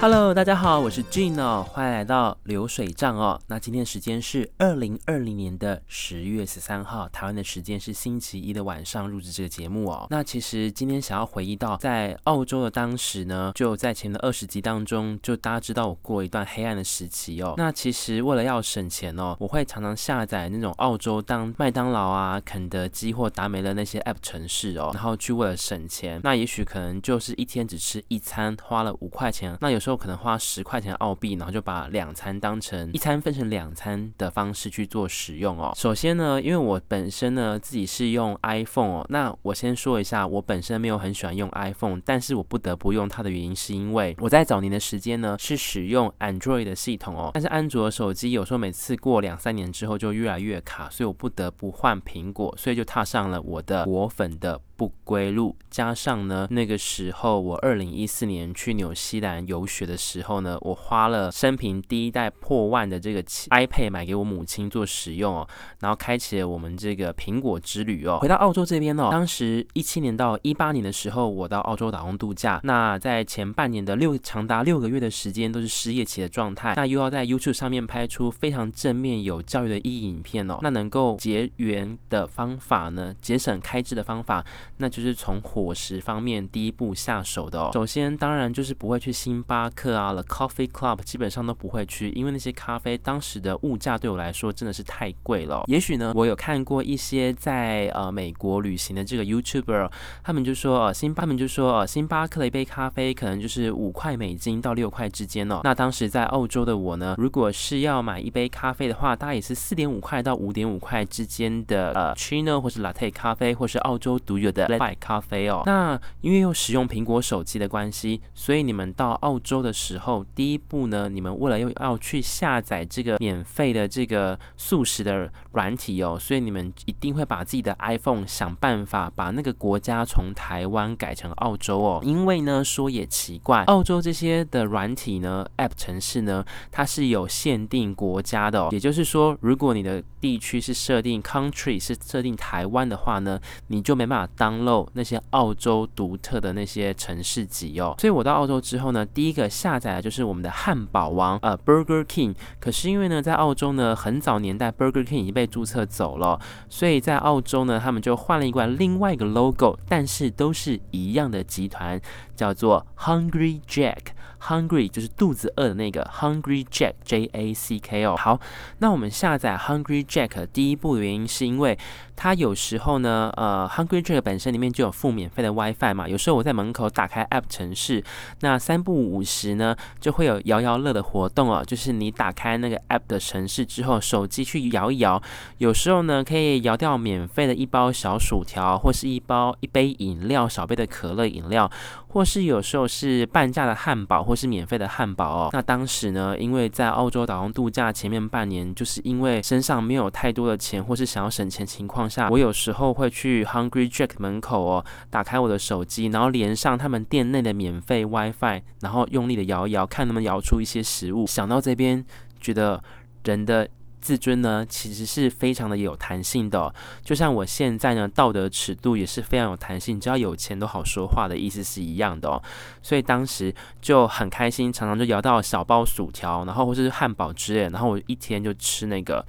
Hello，大家好，我是 Gene 哦，歡迎來到流水賬哦。那今天的時間是二零二零年的十月十三號，台灣的時間是星期一的晚上。錄製這個節目哦。那其實今天想要回憶到在澳洲的當時呢，就在前的二十集當中，就大家知道我過一段黑暗的時期哦。那其實為了要省錢哦，我會常常下載那種澳洲當麥當勞啊、肯德基或達美樂那些 app 程式哦，然後去為了省錢，那也許可能就是一天只吃一餐，花了五塊錢。那有時。就可能花十塊錢澳幣，然後就把兩餐當成一餐分成兩餐的方式去做使用哦。首先呢，因為我本身呢自己是用 iPhone 哦，那我先說一下，我本身沒有很喜歡用 iPhone，但是我不得不用它的原因是因為我在早年的時間呢是使用 Android 的系統哦，但是安卓手機有時候每次過兩三年之後就越來越卡，所以我不得不換蘋果，所以就踏上了我的果粉的。不歸路，加上呢，那個時候我二零一四年去紐西蘭遊學的時候呢，我花了生平第一代破萬的這個 iPad 買給我母親做使用哦，然後開啟了我們這個蘋果之旅哦。回到澳洲這邊哦，當時一七年到一八年的時候，我到澳洲打工度假，那在前半年的六長達六個月的時間都是失業期的狀態，那又要在 YouTube 上面拍出非常正面有教育的意義影片哦，那能夠結緣的方法呢，節省開支的方法。那就是從伙食方面第一步下手的哦。首先，當然就是不會去星巴克啊，The Coffee Club 基本上都不會去，因為那些咖啡當時的物價對我來說真的是太貴了。也許呢，我有看過一些在呃美國旅行的這個 YouTuber，他們就說哦、呃，星，他們就說哦、呃，星巴克的一杯咖啡可能就是五塊美金到六塊之間哦。那當時在澳洲的我呢，如果是要買一杯咖啡的話，大概也是四點五塊到五點五塊之間的呃 Chino 或者 Latte 咖啡，或是澳洲獨有的。b 咖啡哦，那因為又使用蘋果手機的關係，所以你們到澳洲的時候，第一步呢，你們為了要要去下載這個免費的這個速食的軟體哦，所以你們一定會把自己的 iPhone 想辦法把那個國家從台灣改成澳洲哦。因為呢，說也奇怪，澳洲這些的軟體呢，App 城市呢，它是有限定國家的哦。也就是說，如果你的地區是設定 Country 是設定台灣的話呢，你就沒辦法當。那些澳洲獨特的那些城市集哦，所以我到澳洲之後呢，第一個下載的就是我們的漢堡王啊 Burger King，可是因為呢在澳洲呢很早年代 Burger King 已經被注冊走了，所以在澳洲呢他們就換了一個另外一個 logo，但是都是一樣的集團。叫做 Hungry Jack，Hungry 就是肚子餓的那個 Hungry Jack J A C K O。好，那我們下載 Hungry Jack 的第一步原因是因為它有時候呢，呃，Hungry Jack 本身裡面就有附免費的 WiFi 嘛。有時候我在門口打開 App 程式，那三不五時呢，就會有搖搖樂的活動啊。就是你打開那個 App 的程式之後，手機去搖一搖，有時候呢可以搖掉免費的一包小薯條，或是一包一杯飲料，小杯的可樂飲料。或是有時候是半價的漢堡，或是免費的漢堡哦。那當時呢，因為在澳洲打工度假前面半年，就是因為身上沒有太多的錢，或是想要省錢情況下，我有時候會去 Hungry Jack 門口哦，打開我的手機，然後連上他們店內的免費 WiFi，然後用力的搖一搖，看能不能搖出一些食物。想到這邊，覺得人的。自尊呢，其實是非常的有彈性的、哦，就像我現在呢，道德尺度也是非常有彈性，只要有錢都好說話的意思是一樣的、哦、所以當時就很開心，常常就搖到小包薯條，然後或者是漢堡之類，然後我一天就吃那個，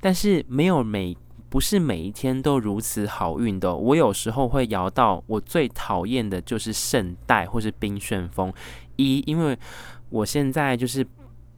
但是沒有每不是每一天都如此好運的、哦，我有時候會搖到我最討厭的就是聖代或是冰炫風一，因為我現在就是。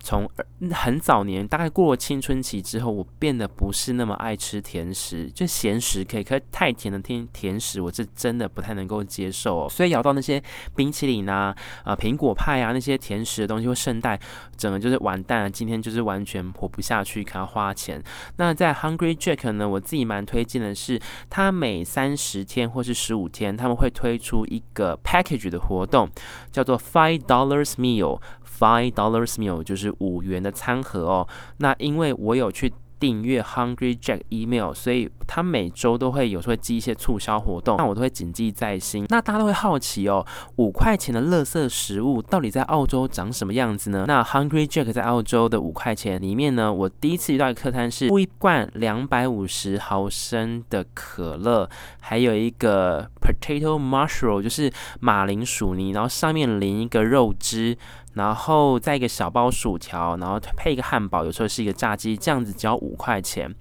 從很早年，大概過了青春期之後，我變得不是那麼愛吃甜食。就鹹食可以，可是太甜的甜甜食，我是真的不太能夠接受、哦。所以咬到那些冰淇淋啊、啊、呃、蘋果派啊那些甜食的東西，會聖誕整個就是完蛋了，今天就是完全活不下去，要花錢。那在 Hungry Jack 呢，我自己蠻推薦的是，他每三十天或是十五天，他們會推出一個 package 的活動，叫做 Five Dollars Meal。Five dollars meal 就是五元的餐盒哦。那因為我有去訂閱 Hungry Jack email，所以他每周都會有時候會寄一些促銷活動，那我都會謹記在心。那大家都會好奇哦，五塊錢的垃圾食物到底在澳洲長什麼樣子呢？那 Hungry Jack 在澳洲的五塊錢裡面呢，我第一次遇到的客餐是：一罐兩百五十毫升的可樂，還有一個 potato mushroom，就是馬鈴薯泥，然後上面淋一個肉汁。然後再一個小包薯條，然後配一個漢堡，有時候是一個炸雞，這樣子只要五塊錢。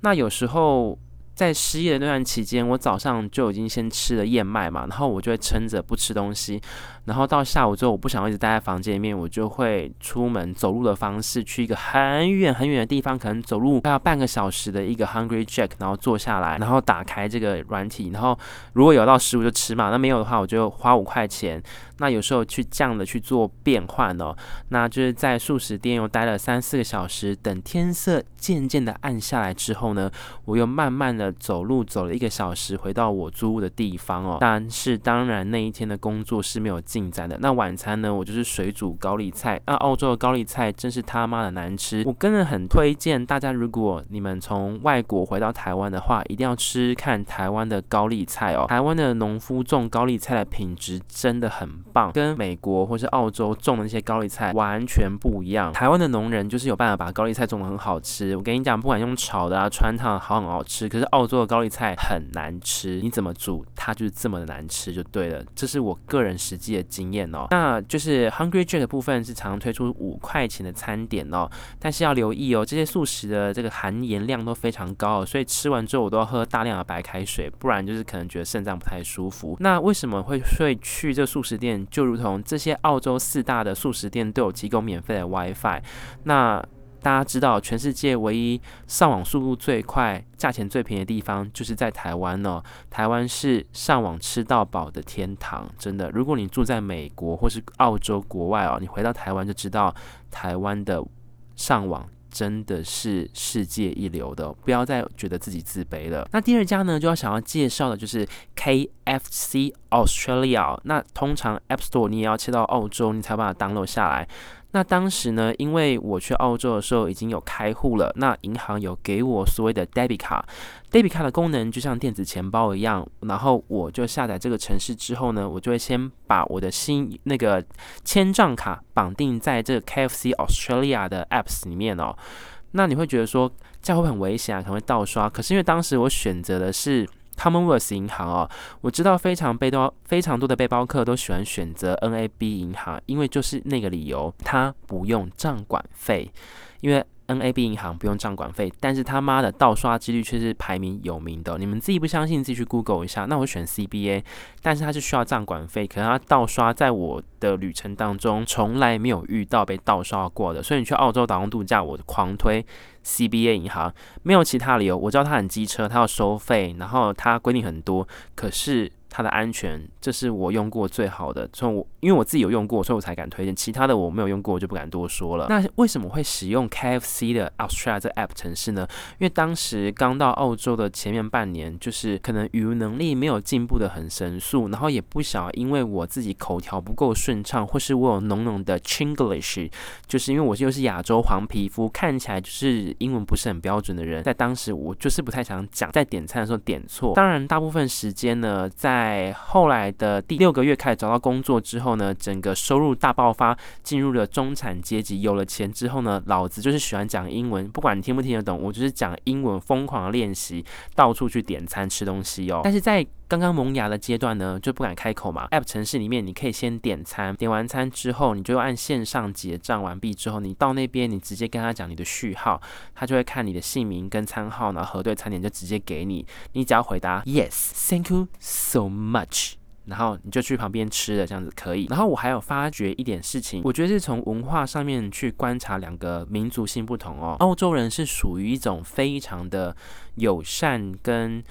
那有時候在失業的那段期間，我早上就已經先吃了燕麥嘛，然後我就會撐着不吃東西。然後到下午之後，我不想一直待在房間裡面，我就會出門走路的方式去一個很遠很遠的地方，可能走路快要半個小時的一個 Hungry Jack，然後坐下來，然後打開這個軟體，然後如果有到十五就吃嘛，那沒有的話我就花五塊錢。那有時候去這樣的去做變換哦，那就是在速食店又待了三四個小時，等天色漸漸的暗下來之後呢，我又慢慢的走路走了一個小時回到我租屋的地方哦。但是當然那一天的工作是沒有進展的。那晚餐呢，我就是水煮高麗菜。那澳洲的高麗菜真是他媽的難吃，我真的很推薦大家，如果你們從外國回到台灣的話，一定要吃吃看台灣的高麗菜哦。台灣的農夫種高麗菜的品質真的很。跟美國或是澳洲種的那些高麗菜完全不一樣。台灣的農人就是有辦法把高麗菜種得很好吃。我跟你講，不管用炒的啊、汆燙，好很好吃。可是澳洲的高麗菜很難吃，你怎麼煮它就是這麼的難吃就對了。這是我個人實際的經驗哦。那就是 Hungry Jack 的部分是常常推出五塊錢的餐點哦，但是要留意哦，這些素食的這個含鹽量都非常高，所以吃完之後我都要喝大量的白開水，不然就是可能覺得腎臟不太舒服。那為什麼會會去這素食店？就如同這些澳洲四大的速食店都有提供免費的 WiFi。那大家知道全世界唯一上網速度最快、價錢最便宜的地方就是在台灣哦、喔。台灣是上網吃到飽的天堂，真的。如果你住在美國或是澳洲國外哦、喔，你回到台灣就知道台灣的上網。真的是世界一流的，不要再覺得自己自卑了。那第二家呢，就要想要介紹的，就是 KFC Australia。那通常 App Store 你也要切到澳洲，你才把它 download 下來。那當時呢，因為我去澳洲的時候已經有開戶了，那銀行有給我所謂的 debit 卡，debit 卡的功能就像電子錢包一樣，然後我就下載這個程式之後呢，我就會先把我的新那個簽帳卡綁定在這個 KFC Australia 的 apps 裡面哦。那你會覺得說這樣會很危險啊，可能會盜刷，可是因為當時我選擇的是。Commonwealth 銀行哦，我知道非常背包、非常多的背包客都喜歡選擇 NAB 銀行，因為就是那個理由，它不用賬管費，因為。NAB 銀行不用賬管費，但是他媽的盜刷幾率卻是排名有名的。你們自己不相信，自己去 Google 一下。那我選 CBA，但是它是需要賬管費，可是它盜刷在我的旅程當中從來沒有遇到被盜刷過的。所以你去澳洲打工度假，我狂推 CBA 銀行，沒有其他理由。我知道它很機車，它要收費，然後它規定很多，可是。它的安全，這是我用過最好的。從我因為我自己有用過，所以我才敢推薦。其他的我沒有用過，我就不敢多說了。那為什麼會使用 KFC 的 Australia 這 app 程式呢？因為當時剛到澳洲的前面半年，就是可能語言能力沒有進步得很神速，然後也不少，因為我自己口條不夠順暢，或是我有濃濃的 Chinglish，就是因為我又是亞洲黃皮膚，看起來就是英文不是很標準的人。在當時我就是不太想講，在點餐的時候點錯。當然，大部分時間呢，在在後來的第六個月開始找到工作之後呢，整個收入大爆發，進入了中產階級。有了錢之後呢，老子就是喜歡講英文，不管你聽不聽得懂，我就是講英文，瘋狂練習，到處去點餐吃東西哦。但是在剛剛萌芽的階段呢，就不敢開口嘛。App 程式裡面，你可以先點餐，點完餐之後，你就按線上結賬完畢之後，你到那邊，你直接跟他講你的序號，他就會看你的姓名跟餐號，然後核對餐點就直接給你。你只要回答 Yes，Thank you so much，然後你就去旁邊吃了，這樣子可以。然後我還有發覺一點事情，我覺得是從文化上面去觀察兩個民族性不同哦。澳洲人是屬於一種非常的友善跟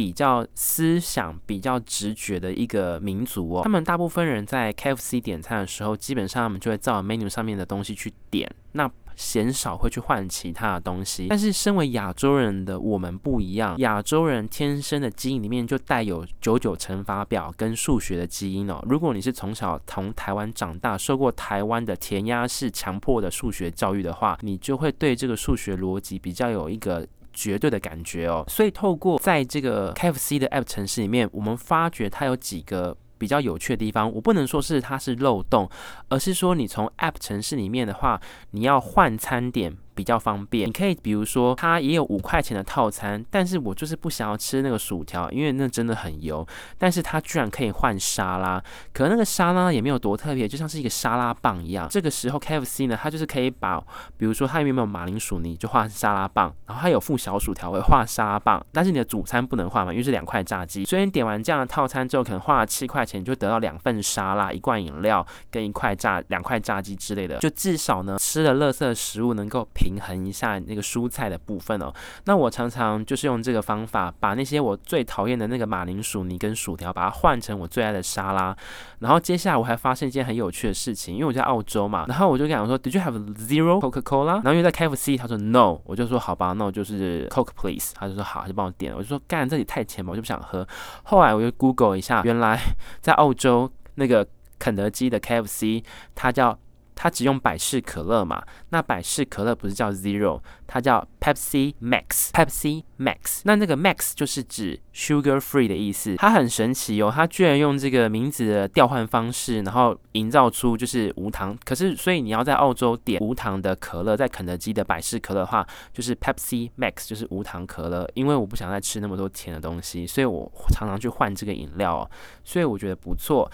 比較思想比較直覺的一個民族哦，他們大部分人在 KFC 點餐的時候，基本上他們就會照 menu 上面的東西去點，那鮮少會去換其他的東西。但是身為亞洲人的我們不一樣，亞洲人天生的基因裡面就帶有九九乘法表跟數學的基因哦。如果你是從小同台灣長大，受過台灣的填鴨式強迫的數學教育的話，你就會對這個數學邏輯比較有一個。絕對的感覺哦，所以透過在這個 KFC 的 App 程式裡面，我們發覺它有幾個比較有趣的地方。我不能說是它是漏洞，而是說你從 App 程式裡面的話，你要換餐點，比較方便，你可以比如說，它也有五塊錢的套餐，但是我就是不想要吃那個薯條，因為那真的很油。但是它居然可以換沙拉，可那個沙拉也沒有多特別，就像是一個沙拉棒一樣。這個時候 KFC 呢，它就是可以把，比如說它有沒有馬鈴薯泥就換沙拉棒，然後它有附小薯條會換沙拉棒，但是你的主餐不能換嘛，因為是兩塊炸雞。所以你點完這樣的套餐之後，可能花了七塊錢，你就得到兩份沙拉、一罐飲料跟一塊炸、兩塊炸雞之類的，就至少呢吃的垃圾的食物能夠平平衡一下那個蔬菜的部分哦。那我常常就是用這個方法，把那些我最討厭的那個馬鈴薯泥跟薯條，把它換成我最愛的沙拉。然後接下來我還發現一件很有趣的事情，因為我在澳洲嘛，然後我就跟講我說，Did you have zero Coca-Cola？然後因為在 KFC，他說 No，我就說好吧，那、no、我就是 Coke, please。他就說好，就幫我點了。我就說幹，an, 這裡太甜嘛，我就不想喝。後來我就 Google 一下，原來在澳洲那個肯德基的 KFC，它叫。它只用百事可樂嘛？那百事可樂不是叫 Zero，它叫 Pepsi Max。Pepsi Max，那那個 Max 就是指 sugar free 的意思。它很神奇哦，它居然用這個名字的調換方式，然後營造出就是無糖。可是，所以你要在澳洲點無糖的可樂，在肯德基的百事可樂的話，就是 Pepsi Max，就是無糖可樂。因為我不想再吃那麼多甜的東西，所以我常常去換這個飲料哦，所以我覺得不錯。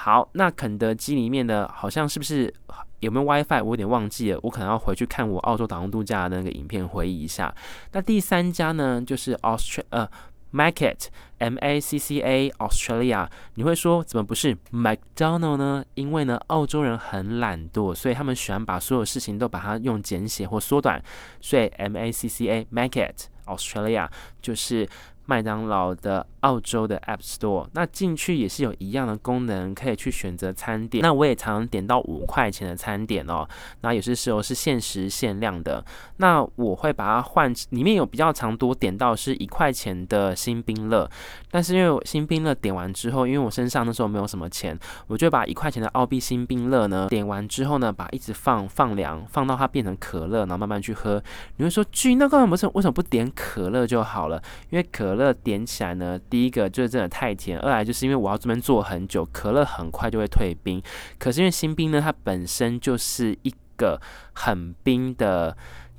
好，那肯德基裡面的好像是不是有沒有 WiFi？我有點忘記了，我可能要回去看我澳洲打工度假的那個影片，回憶一下。那第三家呢，就是 Australia 呃，Macca M, et, M A C C A Australia。你會說怎麼不是 McDonald 呢？因為呢，澳洲人很懶惰，所以他們喜歡把所有事情都把它用簡寫或縮短，所以 M A C C A Macca Australia 就是。麥當勞的澳洲的 App Store，那進去也是有一樣的功能，可以去選擇餐點。那我也常常點到五塊錢的餐點哦。那有些時候是限時限量的。那我會把它換，裡面有比較常多點到是一塊錢的新冰樂。但是因為我新冰樂點完之後，因為我身上那時候沒有什麼錢，我就把一塊錢的澳幣新冰樂呢點完之後呢，把一直放放涼，放到它變成可樂，然後慢慢去喝。你會說，哥，那為什麼為什麼不點可樂就好了？因為可。可樂點起來呢，第一個就是真的太甜，二來就是因為我要這邊坐很久，可樂很快就會退冰。可是因為新冰呢，它本身就是一個很冰的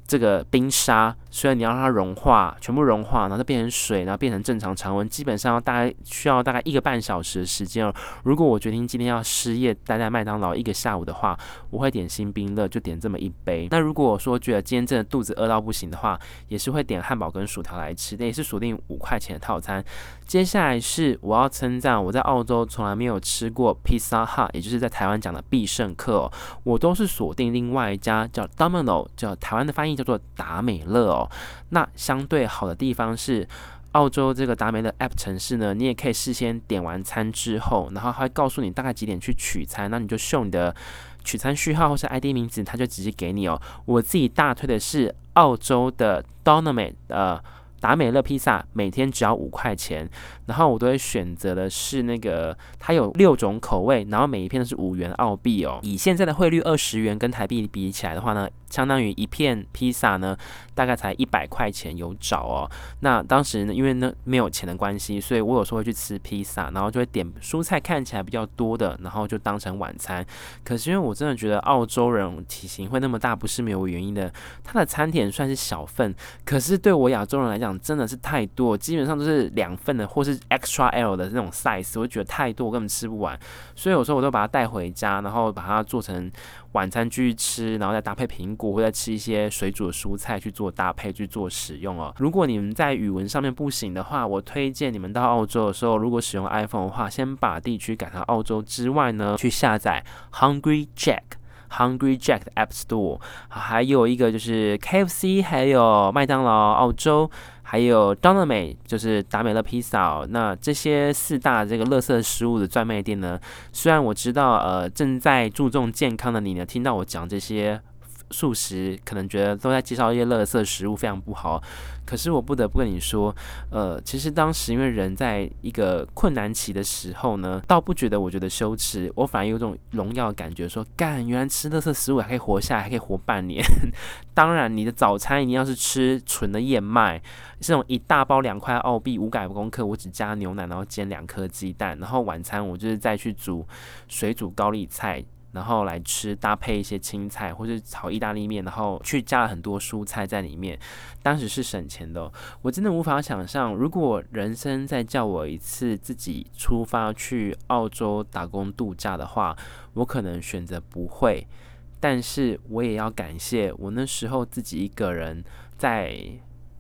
這個冰沙。所以你要讓它融化，全部融化，然後變成水，然後變成正常常溫，基本上要大概需要大概一個半小時的時間哦。如果我決定今天要失業待在麥當勞一個下午的話，我會點星冰樂，就點這麼一杯。那如果我說覺得今天真的肚子餓到不行的話，也是會點漢堡跟薯條來吃，也是鎖定五塊錢的套餐。接下來是我要稱讚我在澳洲從來沒有吃過 Pizza Hut，也就是在台灣講的必勝客哦，我都是鎖定另外一家叫 Domino，叫台灣的翻譯叫做達美樂哦。那相對好的地方是，澳洲這個達美樂 App 程式呢，你也可以事先點完餐之後，然後他會告訴你大概幾點去取餐，那你就秀你的取餐序號或是 ID 名字，他就直接給你哦。我自己大推的是澳洲的 Domino 的呃達美樂披薩，每天只要五塊錢，然後我都會選擇的是那個它有六種口味，然後每一片都是五元澳幣哦。以現在的匯率二十元跟台幣比起來的話呢，相當於一片披薩呢，大概才一百塊錢有找哦。那當時呢，因為那沒有錢的關係，所以我有時候會去吃披薩，然後就會點蔬菜看起來比較多的，然後就當成晚餐。可是因為我真的覺得澳洲人體型會那麼大，不是沒有原因的。它的餐點算是小份，可是對我亞洲人來講真的是太多，基本上都是兩份的或是 extra L 的那種 size，我覺得太多，我根本吃不完。所以有時候我都把它帶回家，然後把它做成晚餐繼續吃，然後再搭配蘋果。我會再吃一些水煮的蔬菜去做搭配去做使用哦。如果你們在語文上面不行的話，我推薦你們到澳洲的時候，如果使用 iPhone 的話，先把地區改成澳洲之外呢，去下載 Hungry Jack、Hungry Jack 的 App Store，啊，還有一個就是 KFC，還有麥當勞澳洲，還有 Domino 就是達美樂披薩。那這些四大這個垃圾食物的專賣店呢，雖然我知道呃正在注重健康的你呢，聽到我講這些。素食可能覺得都在介紹一些垃圾食物，非常不好。可是我不得不跟你說，呃，其實當時因為人在一個困難期的時候呢，倒不覺得我覺得羞恥，我反而有種榮耀的感覺說，說幹，原來吃垃圾食物還可以活下來，還可以活半年。呵呵，當然，你的早餐一定要是吃純的燕麥，這種一大包兩塊澳幣五百公克，我只加牛奶，然後煎兩顆雞蛋，然後晚餐我就是再去煮水煮高麗菜。然後來吃，搭配一些青菜或者炒意大利麵，然後去加了很多蔬菜在裡面。當時是省錢的哦，我真的無法想象，如果人生再叫我一次自己出發去澳洲打工度假的話，我可能選擇不會。但是我也要感謝我那時候自己一個人在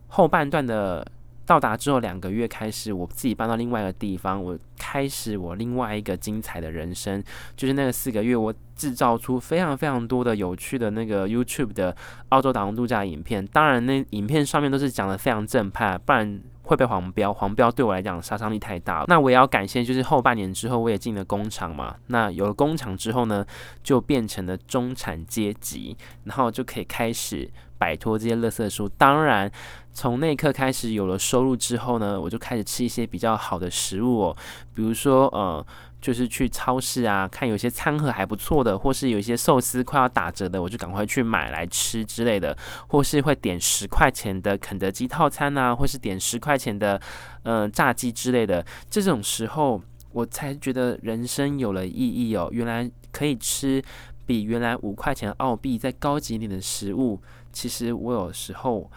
後半段的。到達之後兩個月開始，我自己搬到另外一個地方，我開始我另外一個精彩的人生，就是那個四個月，我製造出非常非常多的有趣的那個 YouTube 的澳洲打工度假影片。當然，那影片上面都是講的非常正派，不然。會被黃標，黃標對我來講殺傷力太大。那我也要感謝，就是後半年之後，我也進了工廠嘛。那有了工廠之後呢，就變成了中產階級，然後就可以開始擺脫這些垃圾書。當然，從那一刻開始有了收入之後呢，我就開始吃一些比較好的食物哦，比如說呃。就是去超市啊，看有些餐盒還不錯的，或是有一些壽司快要打折的，我就趕快去買來吃之類的，或是會點十塊錢的肯德基套餐啊，或是點十塊錢的，呃炸雞之類的。這種時候，我才覺得人生有了意義哦，原來可以吃比原來五塊錢澳幣再高級一點的食物。其實我有時候。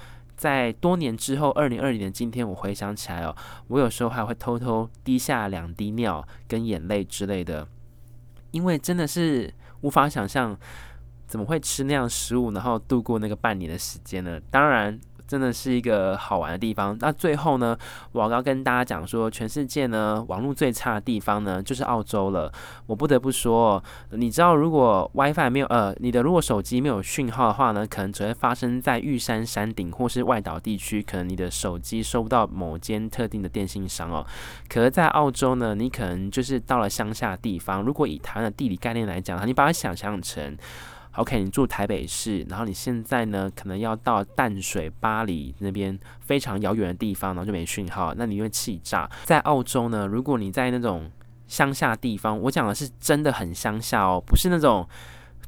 在多年之後，二零二零年今天，我回想起來哦，我有時候還會偷偷滴下兩滴尿跟眼淚之類的，因為真的是無法想象怎麼會吃那樣食物，然後度過那個半年的時間呢？當然。真的是一個好玩的地方。那最後呢，我要跟大家講說，全世界呢網絡最差的地方呢就是澳洲了。我不得不說，你知道，如果 WiFi 沒有呃你的如果手機沒有訊號的話呢，可能只會發生在玉山山頂或是外島地區，可能你的手機收不到某間特定的電信商哦。可是，在澳洲呢，你可能就是到了鄉下的地方，如果以台灣的地理概念來講，你把它想象成。OK，你住台北市，然後你現在呢，可能要到淡水、八里那邊非常遙遠的地方，然後就沒訊號。那你會氣炸。在澳洲呢，如果你在那種鄉下的地方，我講的是真的很鄉下哦，不是那種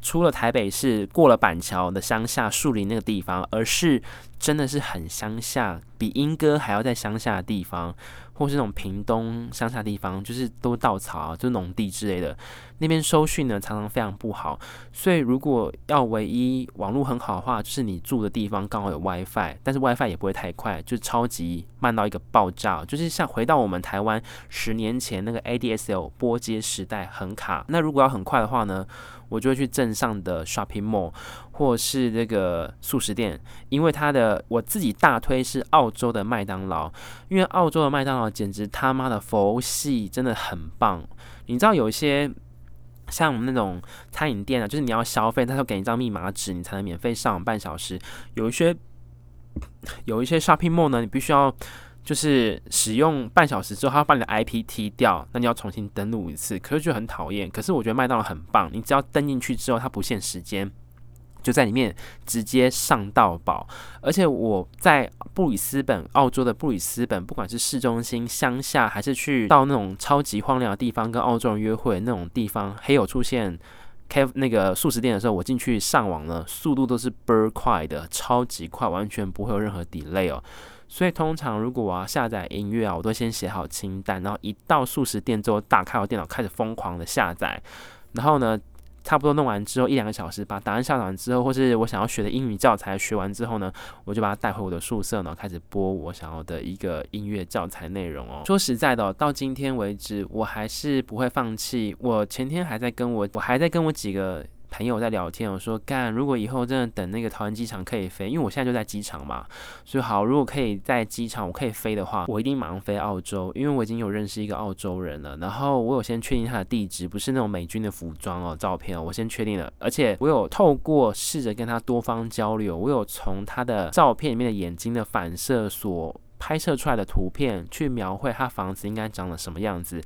出了台北市過了板橋的鄉下樹林那個地方，而是真的是很鄉下，比鶯歌還要在鄉下的地方，或是那種屏東鄉下的地方，就是都稻草啊，就農地之類的。那邊收訊呢，常常非常不好，所以如果要唯一網絡很好的話，就是你住的地方剛好有 WiFi，但是 WiFi 也不會太快，就超級慢到一個爆炸，就是像回到我們台灣十年前那個 ADSL 撥接時代很卡。那如果要很快的話呢，我就會去鎮上的 shopping mall 或者是這個速食店，因為它的我自己大推是澳洲的麥當勞，因為澳洲的麥當勞簡直他媽的佛系，真的很棒。你知道有一些。像我們那種餐飲店啊，就是你要消費，它要給你一張密碼紙，你才能免費上半小時。有一些，有一些 shopping mall 呢，你必須要就是使用半小時之後，它要把你的 IP 踢掉，那你要重新登錄一次，可是就覺得很討厭。可是我覺得麥當勞很棒，你只要登進去之後，它不限時間。就在裡面直接上到飽，而且我在布里斯本，澳洲的布里斯本，不管是市中心、鄉下，還是去到那種超級荒涼的地方，跟澳洲人約會的那種地方，還有出現開那個速食店的時候，我進去上網呢，速度都是倍兒快的，超級快，完全不會有任何 delay 哦。所以通常如果我要下載音樂啊，我都先寫好清單，然後一到速食店之後，打開我電腦開始瘋狂的下載，然後呢。差不多弄完之後，一兩個小時，把檔案下載完之後，或是我想要學的英語教材學完之後呢，我就把它帶回我的宿舍，然後開始播我想要的一個音樂教材內容哦。說實在的哦，到今天為止，我還是不會放棄。我前天還在跟我，我還在跟我幾個。朋友在聊天，我說幹，如果以後真的等那個桃園機場可以飛，因為我現在就在機場嘛，所以好，如果可以在機場我可以飛的話，我一定馬上飛澳洲，因為我已經有認識一個澳洲人了，然後我有先確定他的地址，不是那種美軍的服裝哦，照片哦，我先確定了，而且我有透過試着跟他多方交流，我有從他的照片裡面的眼睛的反射所拍攝出來的圖片去描繪他房子應該長得什麼樣子。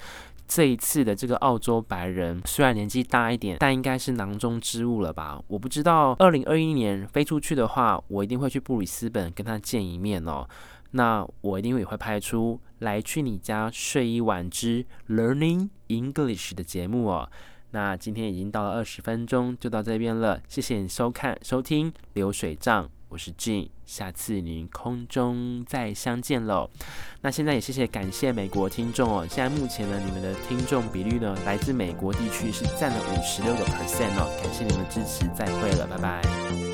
這一次的這個澳洲白人雖然年紀大一點，但應該是囊中之物了吧？我不知道，二零二一年飛出去的話，我一定會去布里斯本跟他見一面哦。那我一定也會拍出來去你家睡一晚之 Learning English 的節目哦。那今天已經到了二十分鐘，就到這邊了。謝謝你收看收聽流水賬。我是 Gene，下次您空中再相見嘍。那現在也謝謝感謝美國聽眾哦。現在目前呢，你們的聽眾比率呢，來自美國地區是佔了五十六個 percent 哦。感謝你們的支持，再會了，拜拜。